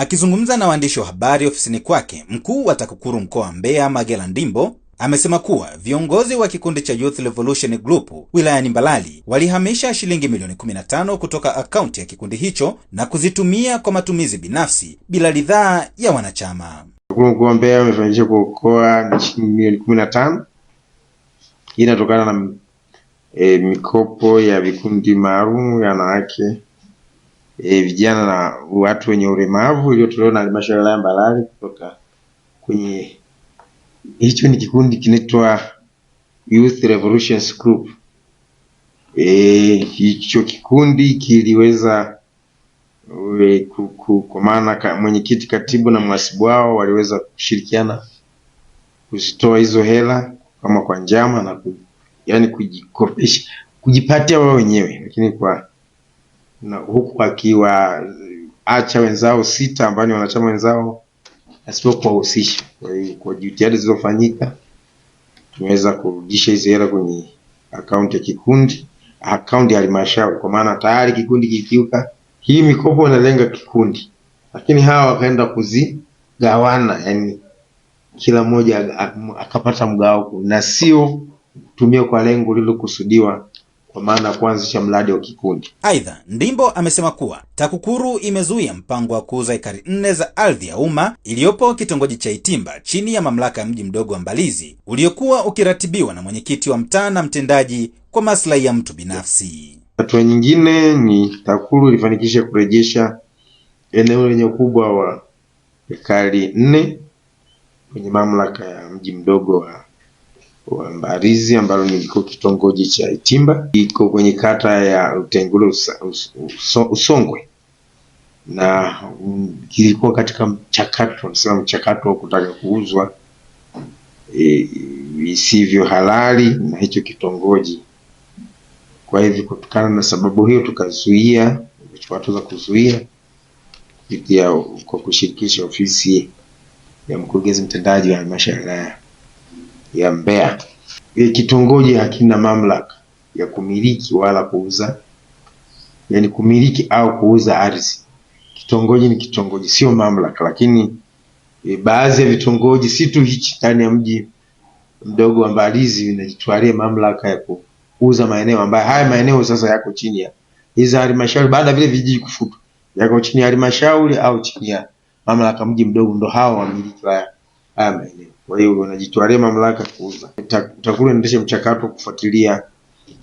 Akizungumza na waandishi wa habari ofisini kwake, mkuu wa TAKUKURU mkoa wa Mbeya, Magela Ndimbo, amesema kuwa viongozi wa kikundi cha Youth Revolution Group wilayani Mbalali walihamisha shilingi milioni 15 kutoka akaunti ya kikundi hicho na kuzitumia kwa matumizi binafsi bila ridhaa ya wanachama. TAKUKURU mkoa wa Mbeya wamefanikiwa kuokoa milioni 15. Hii inatokana na e, mikopo ya vikundi maalum ya wanawake e, vijana na watu wenye ulemavu iliyotolewa na halmashauri ya Mbarali kutoka kwenye hicho ni kikundi kinaitwa Youth Revolutions Group. E, hicho kikundi kiliweza e, kwa maana mwenyekiti, katibu na mhasibu wao waliweza kushirikiana kuzitoa hizo hela kama kwa njama na ku, yani kujikopesha kujipatia wao wenyewe, lakini kwa na huku akiwaacha wenzao sita ambao ni wanachama wenzao asipo kuwahusisha. Kwa hiyo kwa jitihada zilizofanyika tumeweza kurudisha hizi hela kwenye akaunti ya kikundi, akaunti ya halmashauri, kwa maana tayari kikundi kikiuka hii mikopo inalenga kikundi, lakini hawa wakaenda kuzigawana, yani kila mmoja akapata mgao na sio kutumia kwa lengo lililokusudiwa kwa maana ya kuanzisha mradi wa kikundi. Aidha, Ndimbo amesema kuwa TAKUKURU imezuia mpango wa kuuza ekari nne za ardhi ya umma iliyopo kitongoji cha Itimba chini ya mamlaka ya mji mdogo wa Mbalizi uliokuwa ukiratibiwa na mwenyekiti wa mtaa na mtendaji kwa maslahi ya mtu binafsi. Hatua nyingine ni TAKUKURU ilifanikisha kurejesha eneo lenye ukubwa wa ekari nne kwenye mamlaka ya mji mdogo wa Mbarizi ambalo liko kitongoji cha Itimba, iko kwenye kata ya us, Usongwe, na kilikuwa mm, katika mchakato, nasema mchakato wa kutaka kuuzwa e, isivyo halali na hicho kitongoji. Kwa hivyo kutokana na sababu hiyo, tukazuia watu za kuzuia kupitia kwa kushirikisha ofisi ya mkurugenzi mtendaji wa halmashauri ya wilaya ya Mbeya. Ile Kitongoji hakina mamlaka ya kumiliki wala kuuza, yani kumiliki au kuuza ardhi. Kitongoji ni kitongoji, sio mamlaka. Lakini e, baadhi ya vitongoji, si tu hichi ndani ya mji mdogo wa Mbalizi, inajitwalia mamlaka ya kuuza maeneo ambayo haya maeneo sasa yako chini ya hizo halmashauri, baada vile vijiji kufutwa, yako chini ya halmashauri au chini ya mamlaka mji mdogo, ndo hao wamiliki wao Amen. Kwa hiyo wanajitwalia mamlaka kuuza. TAKUKURU inaendesha mchakato wa kufuatilia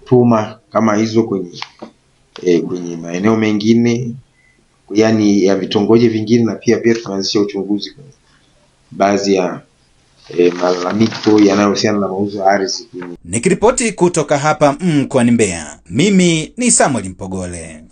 tuma kama hizo kwenye e, kwenye maeneo mengine yani ya vitongoji vingine, na pia pia tunaanzisha uchunguzi kwenye baadhi ya E, malalamiko yanayohusiana na mauzo ya ardhi. Nikiripoti kutoka hapa mkoani Mbeya, mimi ni Samuel Mpogole.